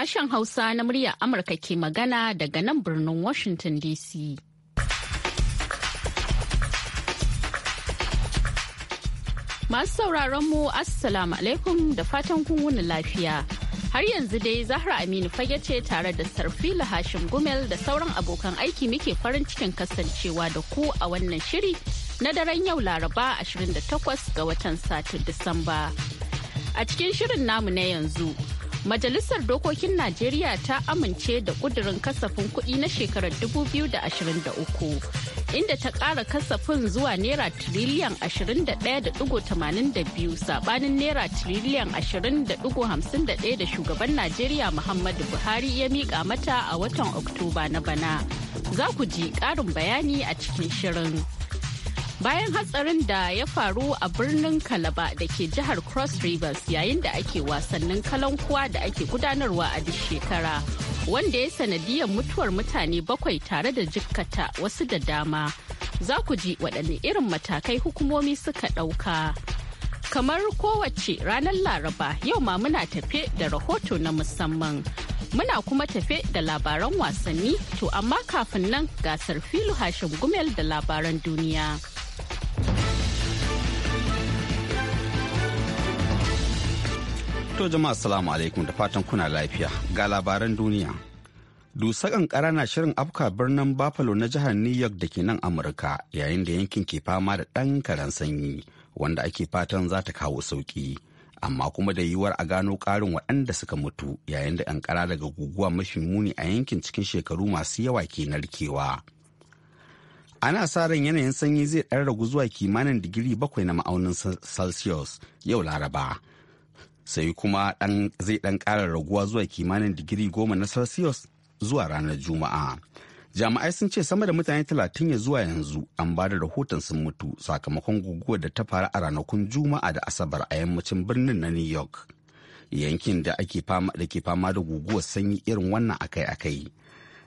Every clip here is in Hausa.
sashen Hausa na muryar Amurka ke magana daga nan birnin Washington DC. Masu sauraron mu Assalamu alaikum da fatan kun wuni lafiya. Har yanzu dai Zahra Aminu fage ce tare da Sarfila Hashim Gumel da sauran abokan aiki muke farin cikin kasancewa da ku a wannan shiri na daren yau Laraba 28 ga watan Satin Disamba. A cikin shirin namu na yanzu Majalisar Dokokin Najeriya ta amince da ƙudurin kasafin kuɗi na shekarar 2023 inda ta ƙara kasafin zuwa Naira tiriliyan 21.82 sabanin Naira tiriliyan 20.51 da shugaban Najeriya Muhammadu Buhari ya miƙa mata a watan Oktoba na bana. Za ku ji ƙarin bayani a cikin shirin. bayan hatsarin da ya faru a birnin kalaba da ke jihar cross rivers yayin da ake wasannin kalankuwa da ake gudanarwa a duk shekara wanda ya sanadiyar mutuwar mutane bakwai tare da jikkata wasu da dama za ku ji waɗanne irin matakai hukumomi suka ɗauka kamar kowace ranar laraba yau ma muna tafe da rahoto na musamman muna kuma tafe da labaran wasanni to amma kafin nan gasar filu hashin gumel da labaran duniya. To jama'a assalamu alaikum da fatan kuna lafiya ga labaran duniya. Dusa kankara na shirin afka birnin Buffalo na jihar New York da ke nan Amurka yayin da yankin ke fama da ɗan karen sanyi wanda ake fatan za ta kawo sauki. Amma kuma da yiwuwar a gano ƙarin waɗanda suka mutu yayin da ƙanƙara daga guguwa mafi muni a yankin cikin shekaru masu yawa ke narkewa. Ana sa ran yanayin sanyi zai ɗan ragu zuwa kimanin digiri bakwai na ma'aunin Celsius yau Laraba sai kuma zai ɗan kara raguwa zuwa kimanin digiri goma na celsius zuwa ranar juma'a jami'ai sun ce sama da mutane talatin ya zuwa yanzu an ba da rahoton sun mutu sakamakon guguwa da ta faru a ranakun juma'a da asabar a yammacin birnin na new york yankin da ake fama da ke fama da guguwar sanyi irin wannan akai-akai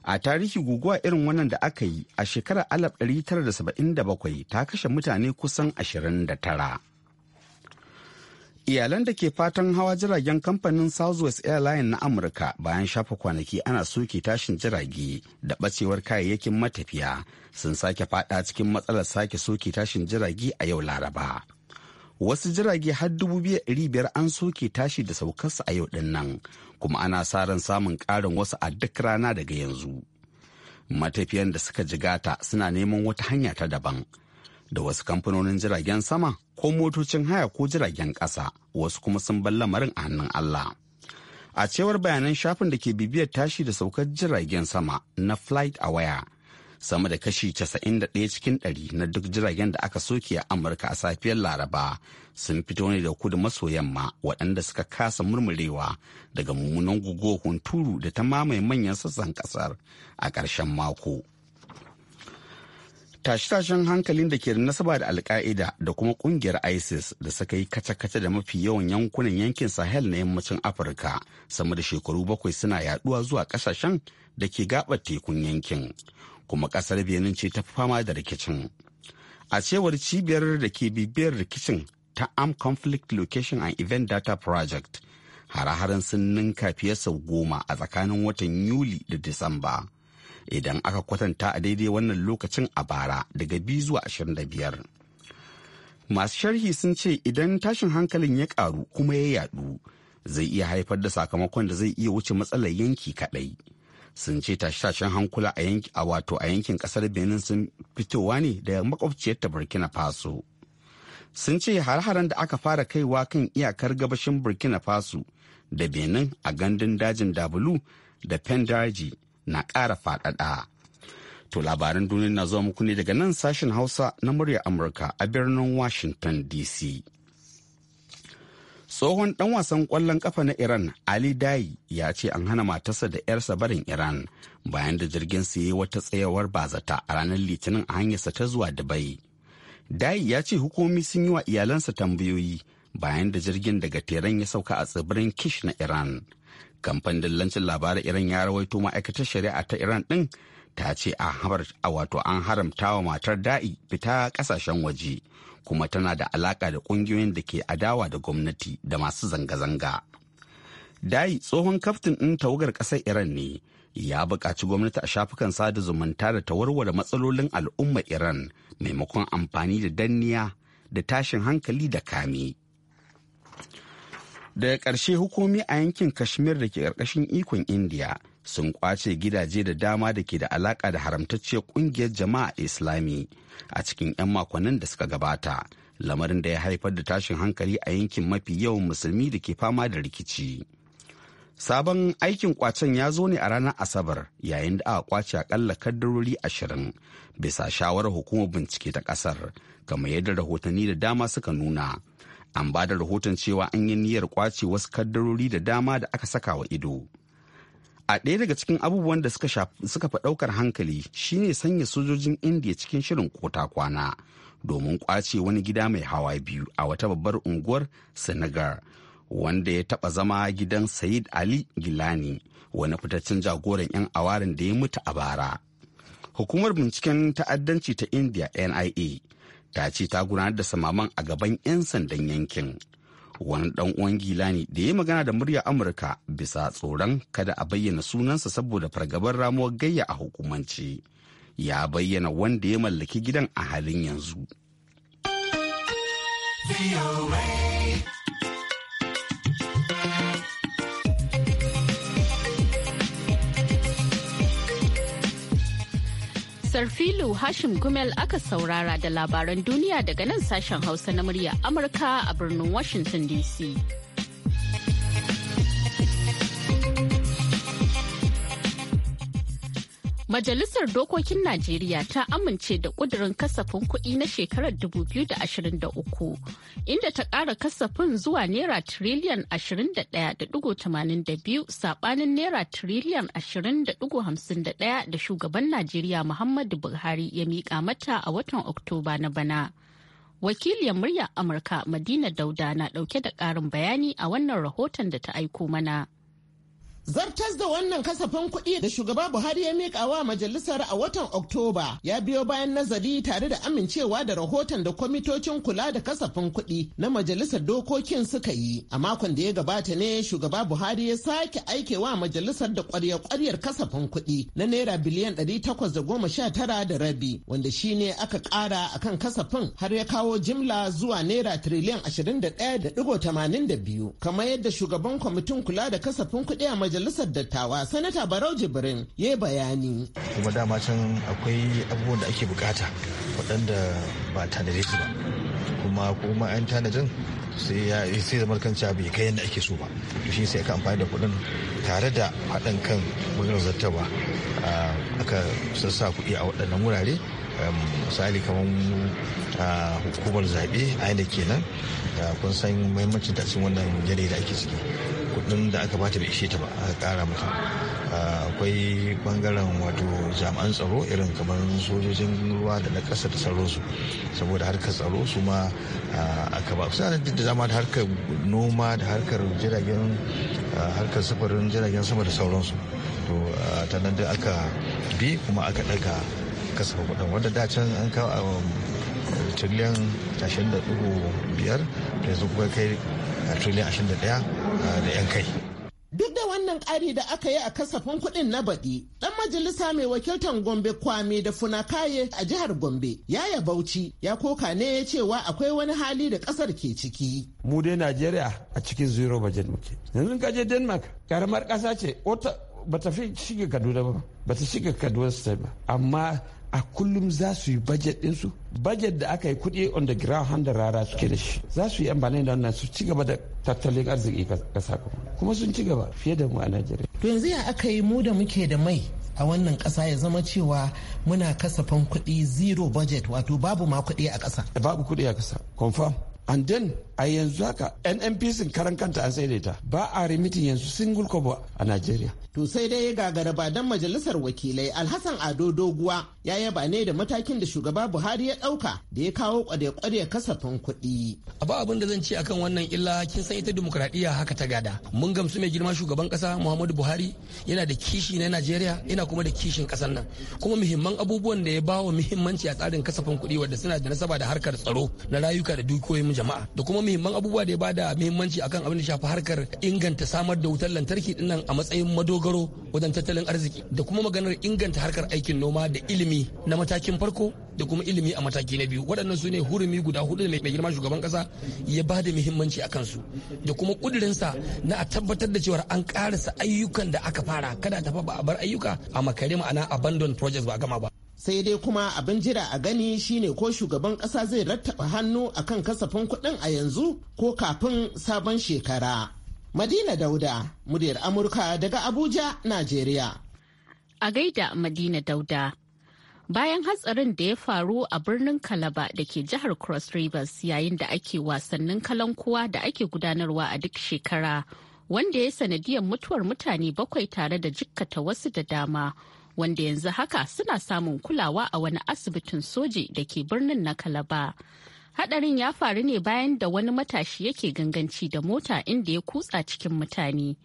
a tarihi guguwa irin wannan da aka yi a shekarar 1977 ta kashe mutane kusan 29 iyalan da ke fatan hawa jiragen kamfanin southwest airlines na amurka bayan shafa kwanaki ana soke tashin jirage da bacewar kayayyakin matafiya sun sake fada cikin matsalar sake soke tashin jirage a yau laraba wasu jirage har dubu biyar an soke tashi da saukarsa a yau din nan kuma ana sa ran samun karin wasu a duk rana daga yanzu matafiyan da suka jigata suna neman wata hanya ta daban da wasu kamfanonin jiragen sama ko motocin haya ko jiragen ƙasa wasu kuma sun bar lamarin a hannun Allah. A cewar bayanan shafin da ke bibiyar tashi da saukar jiragen sama na flight aware sama da kashi 91 cikin ɗari na duk jiragen da aka soke a Amurka a safiyar Laraba sun fito ne da kudu maso yamma waɗanda suka kasa murmurewa daga mummunan guguwar hunturu da ta mamaye manyan sassan ƙasar a ƙarshen mako. tashe-tashen hankalin da ke da nasaba da alka'ida da kuma ƙungiyar isis da suka yi kace-kace da mafi yawan yankunan yankin sahel na yammacin afirka sama da shekaru bakwai suna yaduwa zuwa ƙasashen da ke gabar tekun yankin kuma ƙasar benin ce ta fi fama da rikicin a cewar cibiyar da ke bibiyar rikicin ta arm conflict location and event data project hare-haren sun ninka fiye sau goma a tsakanin watan yuli da disamba idan aka kwatanta a daidai wannan lokacin a bara daga biyu zuwa ashirin da biyar. Masu sharhi sun ce idan tashin hankalin ya karu kuma ya yadu zai iya haifar da sakamakon da zai iya wuce matsalar yanki kaɗai, Sun ce tashe-tashen hankula a yanki a wato a yankin ƙasar Benin sun fitowa ne daga makwabciyar ta Burkina Faso. Sun ce har-haren da aka fara kaiwa kan iyakar gabashin Burkina Faso da Benin a gandun dajin Dabulu da Pendaji na ƙara faɗaɗa. To labaran duniya na zuwa muku ne daga nan sashen Hausa na murya Amurka a birnin Washington DC. Tsohon ɗan wasan ƙwallon ƙafa na Iran Ali Dai ya ce an hana matarsa da 'yarsa barin Iran bayan da jirgin su yi wata tsayawar bazata a ranar Litinin a hanyarsa ta zuwa Dubai. Dai ya ce hukumomi sun yi wa iyalansa tambayoyi bayan da jirgin daga Teran ya sauka a tsibirin Kish na Iran. kamfanin dillancin labaran iran ya rawaito ma'aikatar shari'a ta iran din ta ce a a wato an haramta wa matar da'i fita kasashen waje kuma tana da alaka da kungiyoyin da ke adawa da gwamnati da masu zanga-zanga da'i tsohon kaftin ɗin tawagar ƙasar iran ne ya buƙaci gwamnati a shafukan sada zumunta da ta warware matsalolin al'ummar iran maimakon amfani da danniya da tashin hankali da kame daga ƙarshe hukumi a yankin kashmir da ke ƙarƙashin ikon indiya sun ƙwace gidaje da dama da ke da alaƙa da haramtacciyar ƙungiyar jama'a islami a cikin 'yan makonnin da suka gabata lamarin da ya haifar da tashin hankali a yankin mafi yawan musulmi da ke fama da rikici sabon aikin kwacen ya zo ne a ranar asabar yayin da aka kwace akalla kaddarori ashirin bisa shawarar hukumar bincike ta kasar kamar yadda rahotanni da dama suka nuna an ba da rahoton cewa an yi niyyar kwace wasu kaddarori da dama da aka saka wa ido a ɗaya daga cikin abubuwan da suka fi ɗaukar hankali shine sanya sojojin indiya cikin shirin kota kwana domin kwace wani gida mai hawa biyu a wata babbar unguwar senegal wanda ya taɓa zama gidan sayid ali gilani wani fitaccen jagoran 'yan awarin da ya mutu a bara hukumar binciken ta'addanci ta indiya nia ta ce ta gudanar da samaman a gaban 'yan sandan yankin wani dan uwan gilani da ya magana da murya amurka bisa tsoron kada a bayyana sunansa saboda fargabar ramuwar gayya a hukumance ya bayyana wanda ya mallaki gidan a halin yanzu. Lu Hashim Gumel aka saurara da labaran duniya daga nan sashen Hausa na murya Amurka a birnin Washington DC. Majalisar Dokokin Najeriya ta amince da ƙudurin kasafin kuɗi na shekarar 2023, inda ta ƙara kasafin zuwa Naira tiriliyan 21.82 saɓanin Naira tiriliyan 20.51 da shugaban Najeriya Muhammadu Buhari ya miƙa mata a watan Oktoba na bana. Wakiliyar muryar Amurka Madina Dauda na ɗauke da ƙarin bayani a wannan rahoton da ta aiko mana. Zartas da wannan kasafin kuɗi da shugaba Buhari ya miƙa wa majalisar a watan Oktoba ya biyo bayan nazari tare da amincewa da rahoton da kwamitocin kula da kasafin kuɗi na majalisar dokokin suka yi. A makon da ya gabata ne shugaba Buhari ya sake aike wa majalisar da ƙwarya-ƙwaryar kasafin kuɗi na naira biliyan ɗari takwas da goma sha tara da rabi wanda shi ne aka ƙara akan kasafin har ya kawo jimla zuwa naira triliyan ashirin da ɗaya da ɗigo tamanin da biyu kamar yadda shugaban kwamitin kula da kasafin kuɗi a majalisar dattawa sanata barau jibrin ya yi bayani kuma dama can akwai abubuwan da ake bukata waɗanda ba tanade su ba kuma kuma an tanadin sai ya sai zamar kanca bai kai yadda ake so ba to shi sai aka amfani da kuɗin tare da haɗin kan wajen zartawa aka sassa kuɗi a waɗannan wurare misali kamar hukumar zaɓe a kenan kun san muhimmancin tasirin wannan yanayi da ake ciki kudin da aka bata bai ishe ta ba aka kara mata ah, akwai bangaren wato jami'an tsaro irin kamar sojojin ruwa da na kasa da sauransu saboda harkar tsaro su ma ah, aka ba kusa da dama da harkar noma da harkar jiragen ah, harkar sufurin jiragen sama da sauransu to ta nan da aka bi kuma aka daga kasa kudin wanda da can an kawo um, a biyar 20.5 yanzu kuma kai 21 da 'yan kai Duk da wannan ƙari da aka yi a kasafin kuɗin na baɗi, ɗan majalisa mai wakiltar Gombe Kwame da Funakaye a jihar Gombe, ya yi Bauchi, ya koka ne ya cewa akwai wani hali da ƙasar ke ciki. Mu dai Najeriya a cikin zero budget muke. Yanzu ka je Denmark, karamar ƙasa ce, wata ba ta fi shiga Kaduna ba, ba ta shiga Kaduna State ba, amma a kullum za su yi budget ɗinsu budget da aka yi kuɗi on the ground handa rara suke da shi za su yi amfani da wannan su ci gaba da tattalin arziki ƙasa kuma sun ci gaba fiye da mu a najeriya to yanzu ya aka yi mu da muke da mai a wannan ƙasa ya zama cewa muna kasafin kuɗi zero budget wato babu ma kuɗi a ƙasa babu kuɗi a ƙasa confirm and then a yanzu haka nnpc karan kanta an sai ta ba a remitin yanzu single kobo a nigeria to sai dai gagara ba dan majalisar wakilai alhassan ado doguwa ya yaba ne da matakin da shugaba buhari ya dauka da ya kawo kwade-kwade kasafin kuɗi ba abin da zan ce akan wannan illa kin san ita demokradiyya haka ta gada mun gamsu mai girma shugaban kasa muhammadu buhari yana da kishi na nigeria yana kuma da kishin kasar nan kuma muhimman abubuwan da ya bawa muhimmanci a tsarin kasafin kuɗi wanda suna da nasaba da harkar tsaro na rayuka da dukiyoyin jama'a da kuma muhimman abubuwa da ya bada muhimmanci akan abin da shafi harkar inganta samar da wutar lantarki dinnan a matsayin madogaro wajen tattalin arziki da kuma maganar inganta harkar aikin noma da ilimi na matakin farko da kuma ilimi a mataki na biyu waɗannan su ne hurumi guda hudu mai girma shugaban ƙasa ya ba da muhimmanci a kansu da kuma ƙudurinsa na a tabbatar da cewa an ƙarasa ayyukan da aka fara kada ta ba a bar ayyuka a makare ma'ana abandon projects ba a gama ba sai dai kuma abin jira a gani shine ko shugaban kasa zai rattaba hannu akan kasafin kuɗin a yanzu ko kafin sabon shekara madina dauda muryar amurka daga abuja najeriya a gaida madina dauda bayan hatsarin da ya faru a birnin Kalaba da ke jihar Cross Rivers yayin da ake wasannin kalankuwa da ake gudanarwa a duk shekara, wanda ya sanadiyar mutuwar mutane bakwai tare da jikkata wasu da dama. wanda yanzu haka suna samun kulawa a wani asibitin soji da ke birnin na Kalaba. Hadarin ya faru ne bayan da wani matashi yake ganganci da mota inda ya kutsa cikin mutane.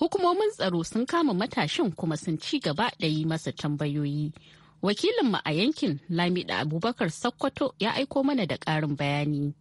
Hukumomin tsaro sun kama matashin kuma sun ci gaba da yi masa tambayoyi. Wakilinmu a yankin Lamida Abubakar Sakkwato ya aiko mana da ƙarin bayani.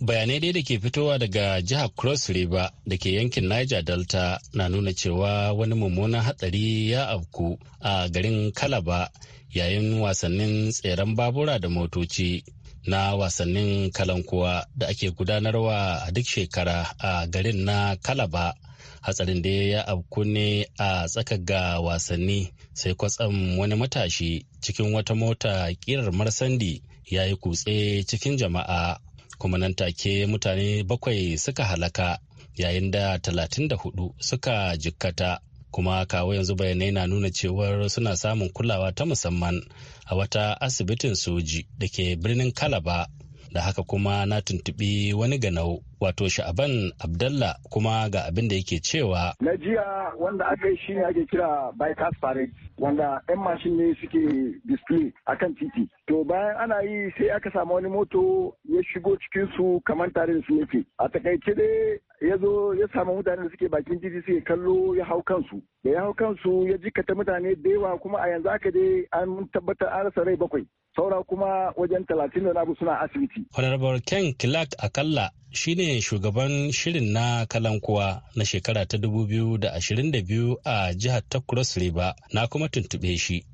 bayanai dai da ke fitowa daga jihar cross river da ke yankin niger delta na nuna cewa wani mummunan hatsari ya afku a garin kalaba yayin wasannin tseren babura da motoci na wasannin kalankuwa da ake gudanarwa a duk shekara a garin na kalaba hatsarin da ya afku ne a tsaka ga wasanni sai kwatsam wani matashi cikin wata mota kirar marsandi ya yi kutse cikin jama'a kuma nan take mutane bakwai suka halaka yayin da talatin da hudu suka jikkata kuma kawo yanzu bayanai na nuna cewar suna samun kulawa ta musamman a wata asibitin soji da ke birnin kalaba da haka kuma na tuntuɓi wani ganau wato sha'aban abdallah kuma ga abin da yake cewa na jiya wanda aka yi shine ake kira bypass parade wanda 'yan mashin ne suke display kan titi to bayan ana yi sai aka samu wani moto ya shigo cikin su kamar tare da su nufi a takaice dai ya zo ya samu mutane da suke bakin titi suke kallo ya hau kansu da ya hau kansu ya jikata mutane da yawa kuma a yanzu aka dai an tabbatar an rasa rai bakwai saura kuma wajen talatin da na suna asibiti. Honorable Ken Clark akalla shine shugaban shirin na kalankuwa na shekara ta 2022 a jihar ta cross river na kuma tuntube shi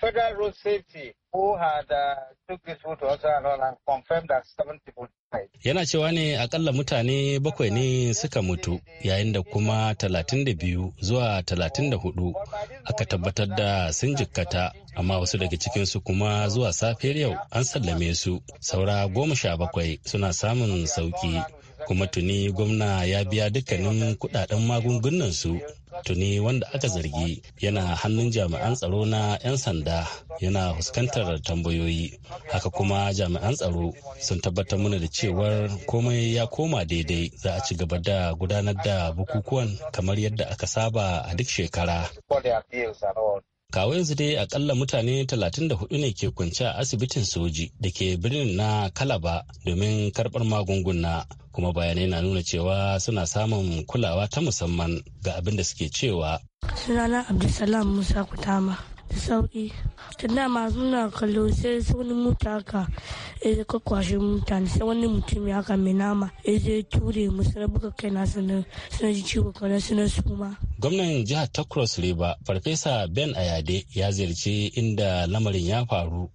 Federal Yana cewa ne akalla mutane bakwai ne suka mutu yayin da kuma 32 zuwa 34 aka tabbatar da sun jikkata amma wasu daga cikinsu kuma zuwa safiyar yau an sallame su saura goma sha bakwai suna samun sauki kuma tuni gwamna ya biya dukkanin kudaden magungunan su tuni wanda aka zargi yana hannun jami'an tsaro na 'yan sanda yana fuskantar tambayoyi haka kuma jami'an tsaro sun tabbatar mana da cewar komai ya koma daidai za a ci gaba da gudanar da bukukuwan kamar yadda aka saba a duk shekara kawo yanzu dai akalla mutane 34 ne ke kwance a asibitin soji da ke birnin na kalaba domin karbar magunguna kuma bayanai na nuna cewa suna samun kulawa ta musamman ga abin da suke cewa sunana abdulsalam musa kutama da sauki tunda masu na kallo sai wani mutu haka eh, ya zai kwakwashe mutane sai wani mutum ya haka mai nama ya zai ture musu na buga kai na suna ji ciwo kwanar suna suma. gwamnan jihar ta cross river farfesa ben ayade ya ziyarci inda lamarin ya faru.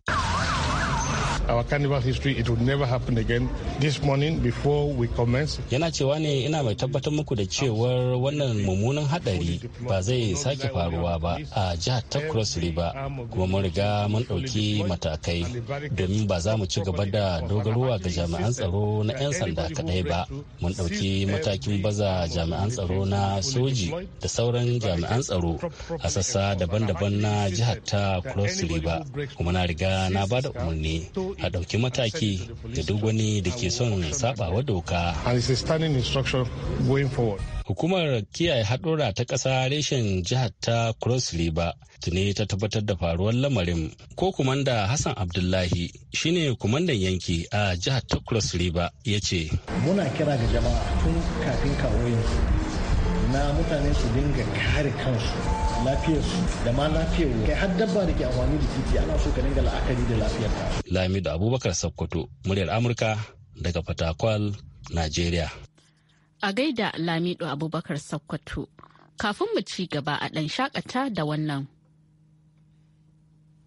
Our carnival history, it would never happen again. This morning, before we commence. Yana cewa ne ina mai tabbatar muku da cewar wannan mummunan hadari ba zai sake faruwa ba a jihar ta Cross River kuma mun riga mun ɗauki matakai domin ba za mu ci gaba da dogaruwa ga jami'an tsaro na 'yan sanda kadai ba. Mun ɗauki matakin baza jami'an tsaro na soji da sauran jami'an tsaro a sassa daban-daban na jihar ta Cross River kuma na riga na ba da umarni a ɗauki mataki da duk wani da ke son sabawa doka. Hukumar kiyaye haɗura ta ƙasa reshen jihar ta Cross River tuni ta tabbatar da faruwar lamarin ko kumanda Hassan Abdullahi shine kumandan yanki a jihar ta Cross River ya ce. Muna kira ga jama'a tun kafin kawo na mutane su dinga kare kansu lafiyarsu da ma lafiyar kai har dabba da ke amfani da titi ana so ka dinga la'akari da lafiyar ta. Lamido Abubakar Sakkwato muryar Amurka daga Fatakwal, Najeriya. A gaida Lamido Abubakar Sakkwato kafin mu ci gaba a ɗan shakata da wannan.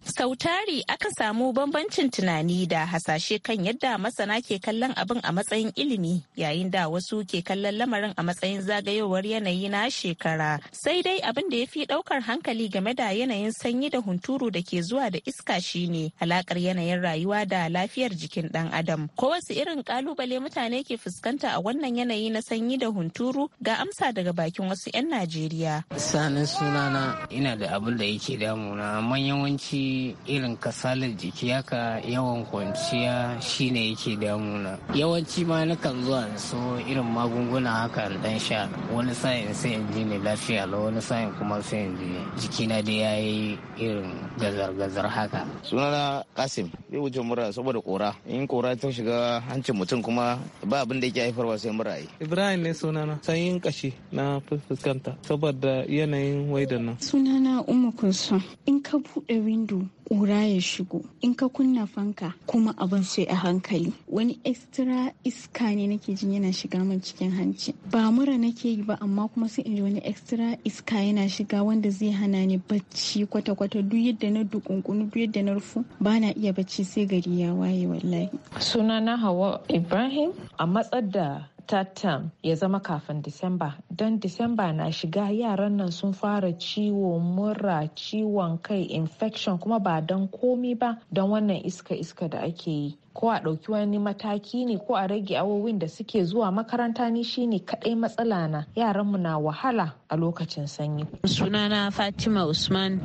Sautari aka samu bambancin tunani da hasashe kan yadda masana ke kallon abin a matsayin ilimi yayin da wasu ke kallon lamarin a matsayin zagayowar yanayi na shekara. Sai dai abin da ya fi ɗaukar hankali game da yanayin sanyi da hunturu da ke zuwa da iska shine alaƙar yanayin rayuwa da lafiyar jikin ɗan adam. Ko wasu irin kalubale mutane ke fuskanta a wannan yanayi na sanyi da hunturu ga amsa daga bakin wasu 'yan Najeriya. Sanin sunana ina da abin da yake damuna amma yawanci irin kasalar jiki haka yawan kwanciya shine yake damuna yawanci ma nakan zuwa in so irin magunguna haka in dan sha wani sa'in sai in ji ne lafiya la wani sa'in kuma sai in ji jikina da yayi irin gazar-gazar haka sunana kasim bai wuce mura saboda kora in kora ta shiga hancin mutum kuma ba abin da yake haifarwa sai mura yi ibrahim ne sunana sanyin kashi na fuskanta saboda yanayin waidan nan sunana umu kunsa in ka buɗe windo ƙura ya shigo in ka kunna fanka kuma abin sai a hankali wani extra iska ne nake jin yana shiga min cikin hanci ba mura nake yi ba amma kuma sai in ji wani extra iska yana shiga wanda zai hana ni bacci kwata-kwata duk yadda na dukunkunu duk yadda na rufu ba na iya bacci sai gari ya waye wallahi sunana hawa ibrahim a matsar da tattam ya zama kafin disamba don disamba na shiga yaran nan sun fara ciwo mura ciwon kai infection kuma ba don komi ba don wannan iska-iska da ake yi ko a ɗauki wani mataki ne ko a rage awowin da suke zuwa makaranta ni shine kaɗai matsala na yaran mu na wahala a lokacin sanyi. sunana fatima usman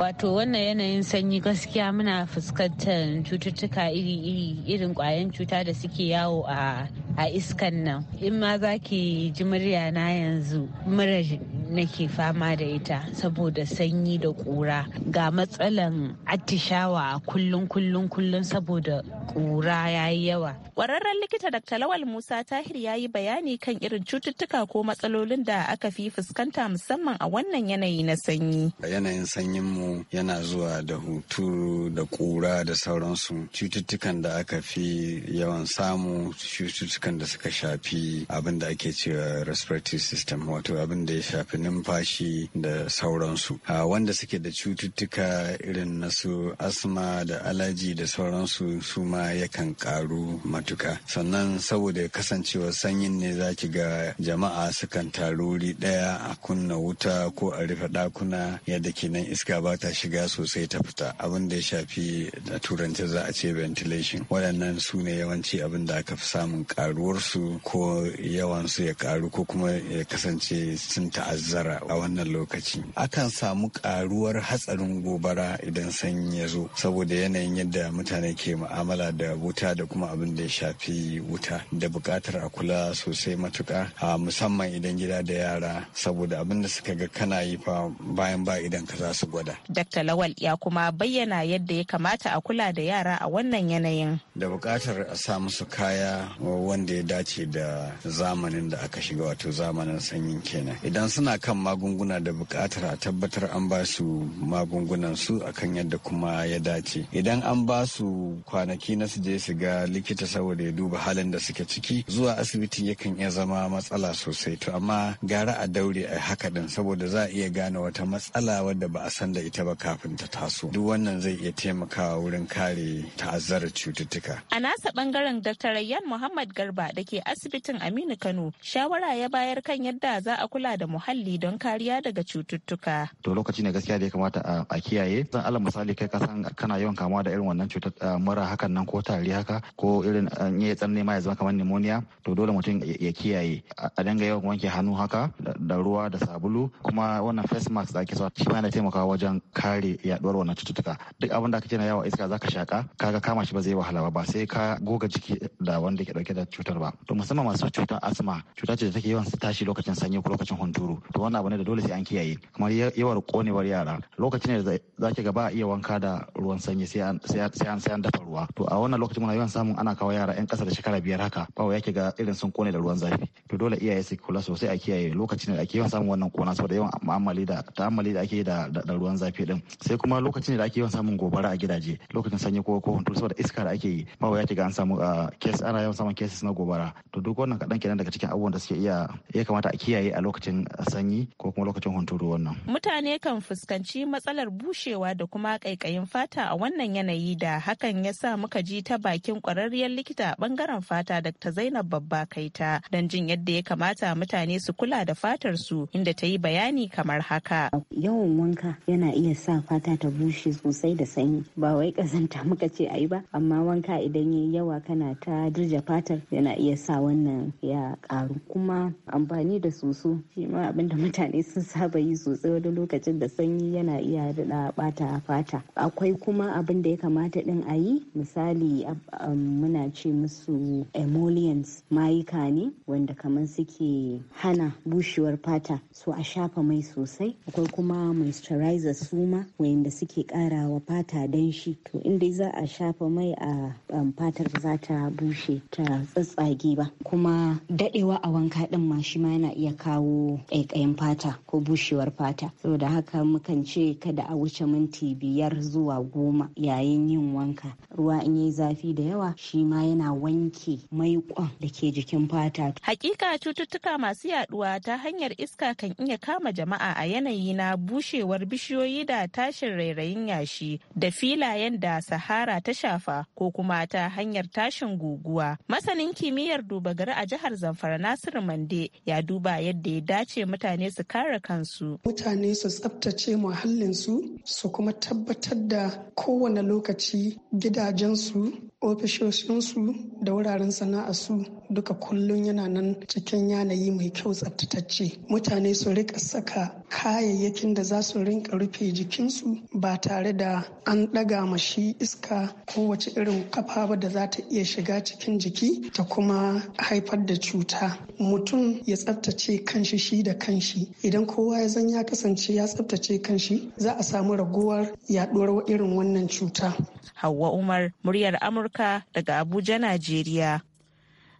wato wannan yanayin sanyi gaskiya muna fuskantar cututtuka iri-iri irin ƙwayan cuta da suke yawo a a iskan nan in ma za ki ji murya na yanzu mura nake fama da ita saboda sanyi da ƙura ga matsalan attishawa a kullum kullum kullum saboda ƙura ya yi yawa. Ƙwararren likita Dr. Lawal Musa Tahir ya yi bayani kan irin cututtuka ko matsalolin da aka fi fuskanta musamman a wannan yanayi na sanyi. Yanayin mu yana zuwa da hutu da ƙura da sauransu cututtukan da aka fi yawan samu cututtukan da suka shafi abin da ake cewa respiratory system wato abin da ya shafi numfashi da sauransu wanda suke da cututtuka irin na su asma da alaji da sauransu su ma yakan karu matuka sannan saboda kasancewa sanyin ne za ki ga jama'a sukan taruri ɗaya a kunna wuta ko a rufe ɗakuna yadda kenan iska ba ta shiga sosai ta fita abin da ya shafi da turanci za a ce ventilation waɗannan su ne yawanci abin da aka fi samun karuwarsu ko yawansu ya karu ko kuma ya kasance sun ta'azzi zara a wannan lokaci akan samu karuwar hatsarin gobara idan sanyi ya zo saboda yanayin yadda mutane ke mu'amala da wuta da kuma abin da ya shafi wuta da buƙatar a kula sosai matuƙa musamman idan gida da yara saboda abin da suka ga kana yi fa bayan ba idan ka za su gwada. Dr. Lawal ya kuma bayyana yadda ya kamata a kula da yara a wannan yanayin. Da buƙatar a sa musu kaya wanda ya dace da zamanin da aka shiga wato zamanin sanyin kenan. Idan suna akan magunguna da bukatar a tabbatar an ba su magungunan su akan yadda kuma ya dace idan an ba su kwanaki na su je su ga likita saboda ya duba halin da suke ciki zuwa asibitin yakan iya zama matsala sosai to amma gara a daure a haka din saboda za a iya gane wata matsala wadda ba a san da ita ba kafin ta taso duk wannan zai iya taimakawa wurin kare ta'azzara cututtuka a nasa bangaren dr yan muhammad garba da ke asibitin aminu kano shawara ya bayar kan yadda za a kula da muhalli muhalli don kariya daga cututtuka. To lokaci ne gaskiya da ya kamata a kiyaye. Zan Allah misali kai kasan kana yawan kamuwa da irin wannan cutar ah, mura hakan nan ko tari haka ko irin ah, ya tsanne ma ya zama kamar pneumonia to dole mutum ya kiyaye. A dinga yawan wanke hannu haka da ruwa da sabulu kuma wannan face mask da ake sa shi ma yana taimakawa wajen kare yaduwar wannan cututtuka. Duk abin da kake na yawa iska zaka shaka kaga kama shi ba zai wahala ba sai ka goga jiki da wanda ke dauke da cutar ba. To musamman masu cutar asma cuta ce da take yawan tashi lokacin sanyi ko lokacin hunturu. wato wannan abu ne da dole sai an kiyaye kamar yawar konewar yara lokacin da za ki gaba iya wanka da ruwan sanyi sai an sai an dafa ruwa to a wannan lokacin muna yawan samun ana kawo yara yan kasa da shekara biyar haka bawa yake ga irin sun kone da ruwan zafi to dole iyaye su kula sosai a kiyaye lokacin da ake yawan samun wannan kona saboda yawan mu'amali da ta'ammali da ake yi da ruwan zafi din sai kuma lokacin da ake yawan samun gobara a gidaje lokacin sanyi ko ko hunturu saboda iska da ake yi bawa yake ga an samu ah, kes ana yawan samun cases na gobara to duk wannan kadan kenan daga cikin abubuwan da suke iya ya kamata a kiyaye a lokacin sanyi sanyi ko kuma lokacin hunturu wannan. Mutane kan fuskanci matsalar bushewa da kuma ƙaiƙayin fata a wannan yanayi da hakan ya sa muka ji ta bakin ƙwararriyar likita a ɓangaren fata Dr. Zainab Babba Kaita don jin yadda ya kamata mutane su kula da fatar su inda ta yi bayani kamar haka. Yawan wanka yana iya sa fata ta bushe sosai da sanyi ba wai kazanta muka ce ayi ba amma wanka idan ya yawa kana ta dirja fatar yana iya sa wannan ya ƙaru kuma amfani da soso shi ma abinda mutane sun saba yi sosai wani lokacin da sanyi yana iya daɗa bata fata akwai kuma abin da ya kamata ɗin a yi misali muna ce musu emollients mayuka ne wanda kamar suke hana bushewar fata so a shafa mai sosai akwai kuma moisturizer suma wanda suke ƙarawa fata shi to inda za a shafa mai a fatar za ta bushe ta tsatsage ba kuma daɗewa a wanka ɗin ma shi ma yana iya kawo kaikayin fata ko bushewar fata saboda haka mukan ce kada a wuce minti biyar zuwa goma yayin yin wanka ruwa in yi zafi da yawa shi ma yana wanke maiƙon da ke jikin fata hakika cututtuka masu yaduwa ta hanyar iska kan iya kama jama'a a yanayi na bushewar bishiyoyi da tashin rairayin yashi da filayen da sahara ta shafa ko kuma ta hanyar tashin guguwa masanin kimiyyar duba gari a jihar zamfara nasiru mande ya duba yadda ya dace mutane mutane su kare kansu. Mutane su tsabtace muhallinsu su kuma tabbatar da kowane lokaci gidajensu ofishoshinsu da wuraren su duka kullum yana nan cikin yanayi mai kyau tsaftatacce mutane su rika saka kayayyakin da za su rinka rufe jikinsu ba tare da an ɗaga mashi iska kowace irin kafa ba da za ta iya shiga cikin jiki ta kuma haifar da cuta mutum ya tsaftace kanshi shi da kanshi idan kowa ya zan ya kasance ya tsaftace kanshi za a samu raguwar yaɗuwar irin wannan cuta hawa umar muryar amurka Amurka daga Abuja, Najeriya.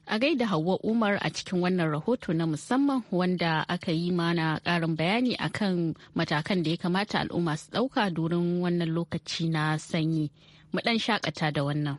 A gaida Hauwa Umar a cikin wannan rahoto na musamman wanda aka yi mana ƙarin bayani a kan matakan da ya kamata al'umma su ɗauka durin wannan lokaci na sanyi. Mu ɗan shakata da wannan.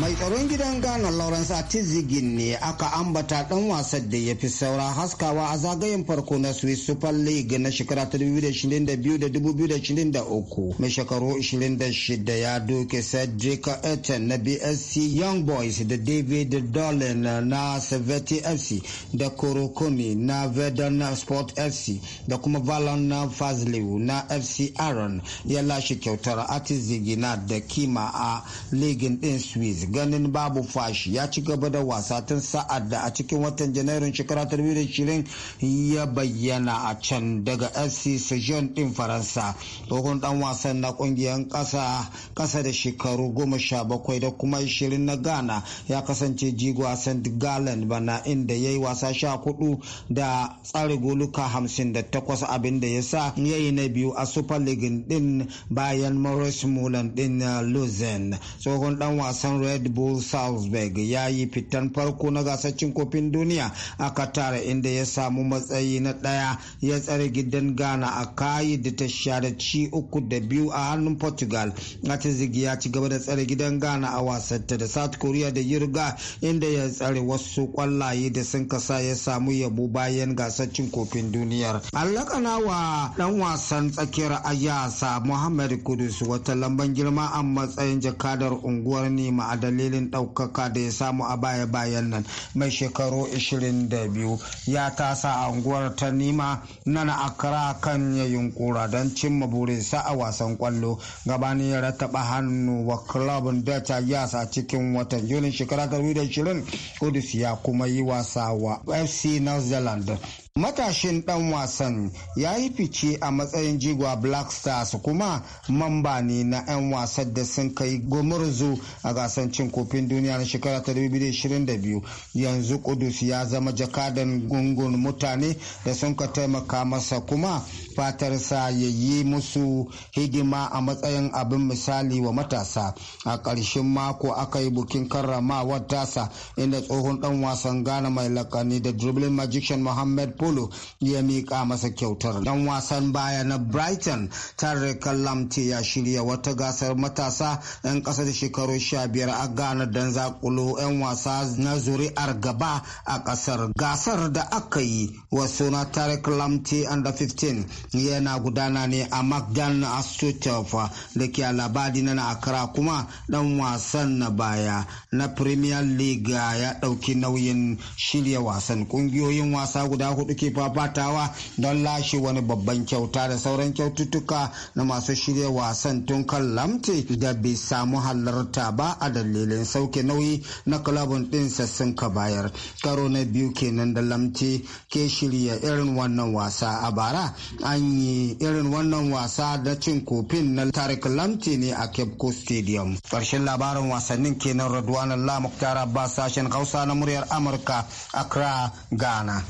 mai tsaron gidan ghana lawrence atizigin ne aka ambata dan wasan da ya fi saura haskawa a zagayen farko na swiss super league na shekara ta 2022 2023 mai shekaru 26 ya doke cedric etten na bsc young boys da david dolan na saveti fc da korokoni na verdun sport fc da kuma valon na fazliu na fc aaron ya lashe kyautar atizigina da kima a ligin din swiss ganin babu fashi ya ci gaba da wasa tun sa'ad da a cikin watan Janairun shekara ta shirin ya bayyana a can daga FC Sejon din Faransa. Tsohon dan wasan na kungiyar kasa kasa da shekaru goma sha bakwai da kuma shirin na Ghana ya kasance jigo a St. Gallen bana inda ya yi wasa sha hudu da tsare goluka hamsin da takwas abin da ya sa ya yi na biyu a Super League din bayan Maurice Mulan din uh, Luzen. Tsohon dan wasan red bull salzburg ya yi fitan farko na gasar cin kofin duniya a qatar inda ya samu matsayi na ɗaya ya tsare gidan ghana a kayi da ta share ci uku da biyu a hannun portugal atizig ya ci gaba da tsare gidan ghana a wasanta da south korea da yirga inda ya tsare wasu kwallaye da sun kasa ya samu yabo bayan gasar cin kofin duniyar allakana wa dan wasan tsakiyar ayasa muhammad kudus wata lamban girma a matsayin jakadar unguwar nima a dalilin ɗaukaka da ya samu a baya-bayan nan mai shekaru 22 ya tasa a unguwar ta nima nan akra kan ya yunkura don cimma burinsa a wasan kwallo gabanin ya rataba hannu wa club da ta yasa cikin watan yunin shekara 2020 kudus ya kuma yi wasa wa fc new zealand Matashin ɗan wasan ya yi fice a matsayin jigwa Black Stars kuma mamba ne na 'yan wasan da sun kai gomurzu a gasar cin kofin duniya na shekara ta 2022. Yanzu Kudus ya zama jakadan gungun mutane da sun ka taimaka masa kuma fatarsa ya yi musu hidima a matsayin abin misali wa matasa. A karshen mako aka yi bukin wa tasa inda tsohon ɗan wasan Ghana mai lakani da dribbling magician Mohammed polo ya miƙa masa kyautar dan wasan baya na brighton tarek lamte ya shirya wata gasar matasa 'yan ƙasa da shekaru sha biyar a ghana don zakulo 'yan wasa na zuri'ar gaba a ƙasar gasar da aka yi wasu na tarek lamte under 15 yana gudana ne a magdan astotofa da ke labari na accra kuma dan wasan na baya na premier league ya ɗauki nauyin shirya wasan ƙungiyoyin wasa guda hudu ke fafatawa don lashe wani babban kyauta da sauran kyaututtuka na masu shirya wasan tun kan lamte da bai samu halarta ba a dalilin sauke nauyi na kulabun ɗin sassun bayar karo na biyu kenan da lamte ke shirya irin wannan wasa a bara an yi irin wannan wasa da cin kofin na tarik lamte ne a cape coast stadium ƙarshen labarin wasannin kenan radwan allah muktar sashen hausa na muryar amurka accra ghana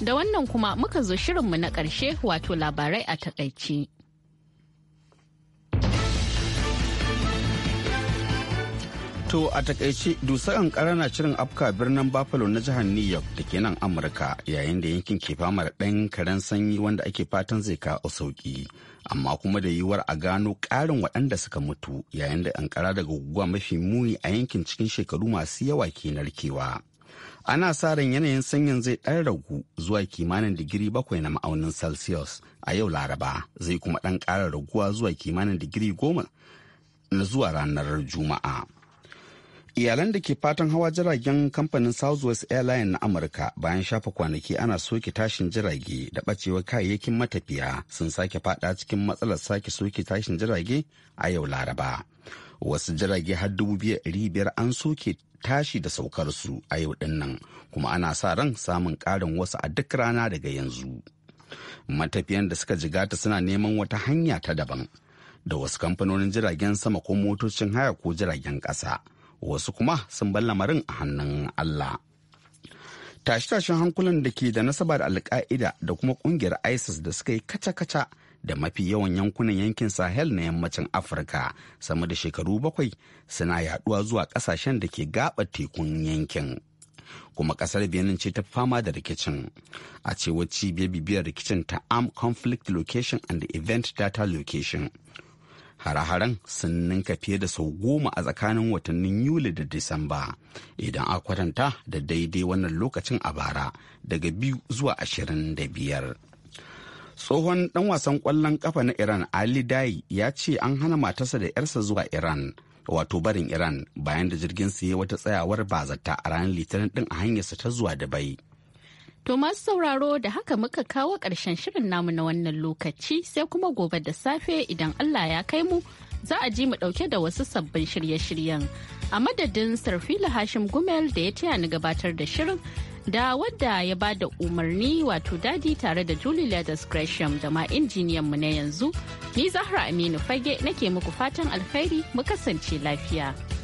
Da wannan kuma muka zo shirinmu na ƙarshe wato labarai a takaice. To a takaice dusar ankara na shirin afka birnin Buffalo na jihar New York da ke nan Amurka yayin da yankin ke fama da ɗan karen sanyi wanda ake fatan zai kawo sauki. Amma kuma da yiwuwar a gano ƙarin waɗanda suka mutu yayin da ankara daga guguwa mafi muni a yankin cikin shekaru masu yawa ke narkewa. ana sa ran yanayin sanyin zai ɗan ragu zuwa kimanin digiri bakwai na ma'aunin celsius a yau laraba zai kuma ɗan ƙara raguwa zuwa kimanin digiri goma na zuwa ranar juma'a iyalan da ke fatan hawa jiragen kamfanin southwest airline na amurka bayan shafa kwanaki ana soke tashin jirage da ɓacewar kayayyakin matafiya sun sake fada cikin matsalar sake soke tashin jirage a yau laraba wasu jirage har biyar an soke tashi da saukarsu a yau dinnan kuma ana sa ran samun ƙarin wasu a duk rana daga yanzu. Matafiyan da suka jigata suna neman wata hanya ta daban da wasu kamfanonin jiragen sama ko motocin haya ko jiragen ƙasa. Wasu kuma sun bar lamarin a hannun Allah. Tashi tashin hankulan da ke da nasaba da alka'ida da kuma ƙungiyar ISIS da suka yi kaca-kaca da mafi yawan yankunan yankin sahel na yammacin afirka sama da shekaru bakwai suna yaduwa zuwa kasashen da ke gaba tekun yankin kuma kasar benin ce ta fama da rikicin a cewar cibiyar bibiyar rikicin ta arm conflict location and event data location hare-haren sun ninka fiye da sau goma a tsakanin watannin yuli da disamba idan a kwatanta da daidai wannan lokacin a bara daga biyu zuwa ashirin da biyar tsohon dan wasan kwallon kafa na iran ali dai ya ce an hana matarsa da yarsa zuwa iran wato barin iran bayan da jirgin ya wata tsayawar bazata a ranar litinin din a hanyarsa ta zuwa dubai To masu sauraro da haka muka kawo ƙarshen shirin namu na wannan lokaci sai kuma gobe da safe idan Allah ya kai mu za a ji mu ɗauke da wasu sabbin shirye-shiryen. A madadin Sarfila Hashim Gumel da ya taya ni gabatar da shirin da wadda ya ba da umarni wato dadi tare da Julie Leathers Gresham da ma injiniyan mu na yanzu. Ni Zahra Aminu Fage nake muku fatan alkhairi mu kasance lafiya.